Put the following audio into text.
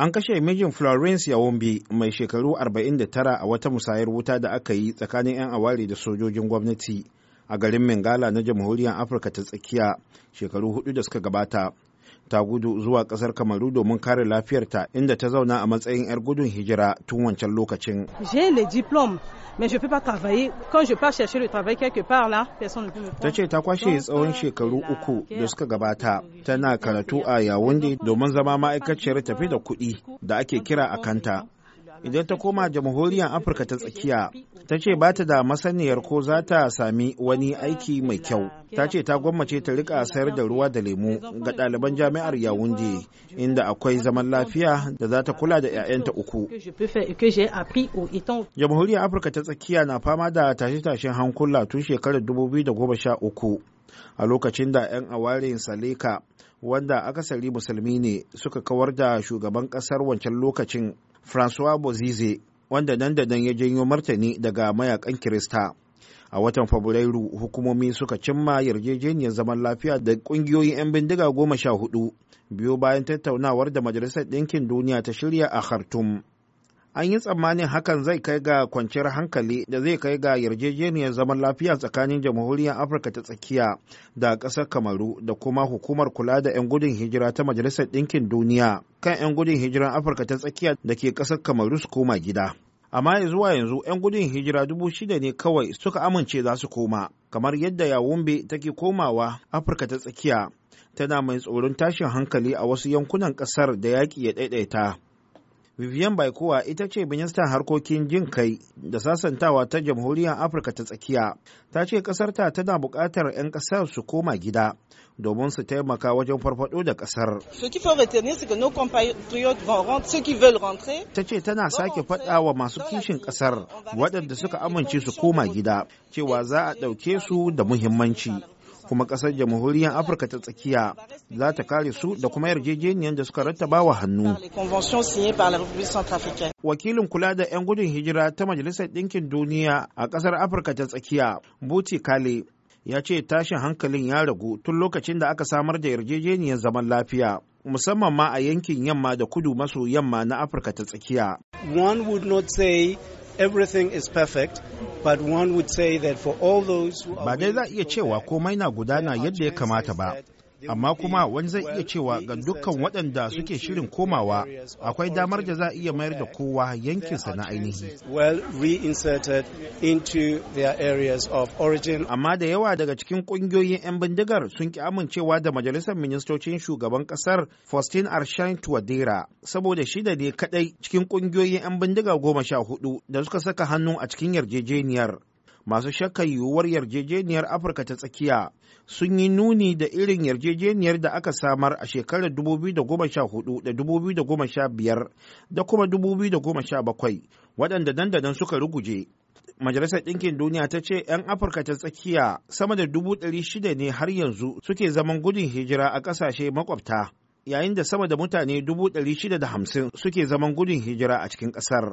An kashe mijin Florence Yawombi mai shekaru 49 a wata musayar wuta da aka yi tsakanin 'yan awari da sojojin gwamnati a garin Mingala na Jamhuriyar Afirka ta tsakiya shekaru hudu da suka gabata. ta gudu zuwa kasar kamaru domin kare lafiyarta inda ta zauna a matsayin 'yar gudun hijira tun wancan lokacin. Ta ce ta kwashe tsawon euh, shekaru uku da suka gabata tana karatu a yawon domin zama ma'aikaciyar tafi da kuɗi da ake kira a kanta. idan ta koma jamhuriyar afirka ta tsakiya ta ce ba ta da masaniyar ko za ta sami wani aiki mai kyau ta ce ta gwammace ta rika sayar da ruwa da lemu ga ɗaliban jami'ar yawunde inda akwai zaman lafiya da za ta kula da 'ya'yanta uku jamhuriyar afirka ta tsakiya na fama da tashe-tashen hankula tun shekarar 2013 a lokacin da 'yan awarin salika wanda akasari musulmi ne suka kawar da shugaban kasar wancan lokacin Francois Bozize wanda nan da nan ya janyo martani daga mayakan Kirista. A watan Fabrairu hukumomi suka cimma yarjejeniyar zaman lafiya da kungiyoyin 'yan bindiga goma sha hudu biyo bayan tattaunawar da Majalisar Ɗinkin Duniya ta shirya a Khartoum. an yi tsammanin hakan zai kai ga kwanciyar hankali da zai kai ga yarjejeniyar zaman lafiya tsakanin jamhuriyar afirka ta tsakiya da ƙasar kamaru da kuma hukumar kula da 'yan gudun hijira ta majalisar ɗinkin duniya kan 'yan gudun hijiran afirka ta tsakiya da ke ƙasar kamaru su koma gida amma zuwa yanzu 'yan gudun hijira dubu shida ne kawai suka amince za su koma kamar yadda yawumbe take komawa afirka ta tsakiya tana mai tsoron tashin hankali a wasu yankunan ƙasar da yaƙi ya ɗaiɗaita vivian baikowa ita ce ministan harkokin jin kai da sasantawa ta jamhuriyar afirka ta tsakiya ta ce ƙasarta tana buƙatar 'yan ƙasar su koma gida domin su taimaka wajen farfado da ƙasar ta ce tana sake faɗa wa masu kishin ƙasar waɗanda suka amince su koma gida cewa za a ɗauke su da muhimmanci kuma ƙasar jamhuriyar afirka ta tsakiya za ta kare su da kuma yarjejeniyar da suka rattaba wa hannu wakilin kula da 'yan gudun hijira ta majalisar ɗinkin duniya a ƙasar afirka ta tsakiya buti kale ya ce tashin hankalin ya ragu tun lokacin da aka samar da yarjejeniyar zaman lafiya musamman ma a yankin yamma da kudu maso yamma na afirka ta tsakiya one would not say everything is perfect but one would say that for all those who are ba dai za iya cewa komai na gudana yadda ya kamata ba amma kuma wani zai iya cewa ga dukkan waɗanda suke shirin komawa akwai damar da za a iya mayar da kowa yankinsa na ainihi. Amma da yawa daga cikin ƙungiyoyin 'yan bindigar sun ki amincewa da majalisar ministocin shugaban ƙasar Faustin Arshain Tuwadera saboda shi da ne kaɗai cikin ƙungiyoyin 'yan bindiga goma sha hudu da suka saka hannu a cikin yarjejeniyar masu shakka yiwuwar yarjejeniyar afirka ta tsakiya sun yi nuni da irin yarjejeniyar da aka samar a shekarar 2014 da 2015 da kuma 2017 waɗanda dandadan suka ruguje majalisar ɗinkin duniya ta ce 'yan afirka ta tsakiya sama da 600 ne har yanzu suke zaman gudun hijira a ƙasashe makwabta yayin da sama da mutane 650 suke zaman gudun hijira a cikin ƙasar.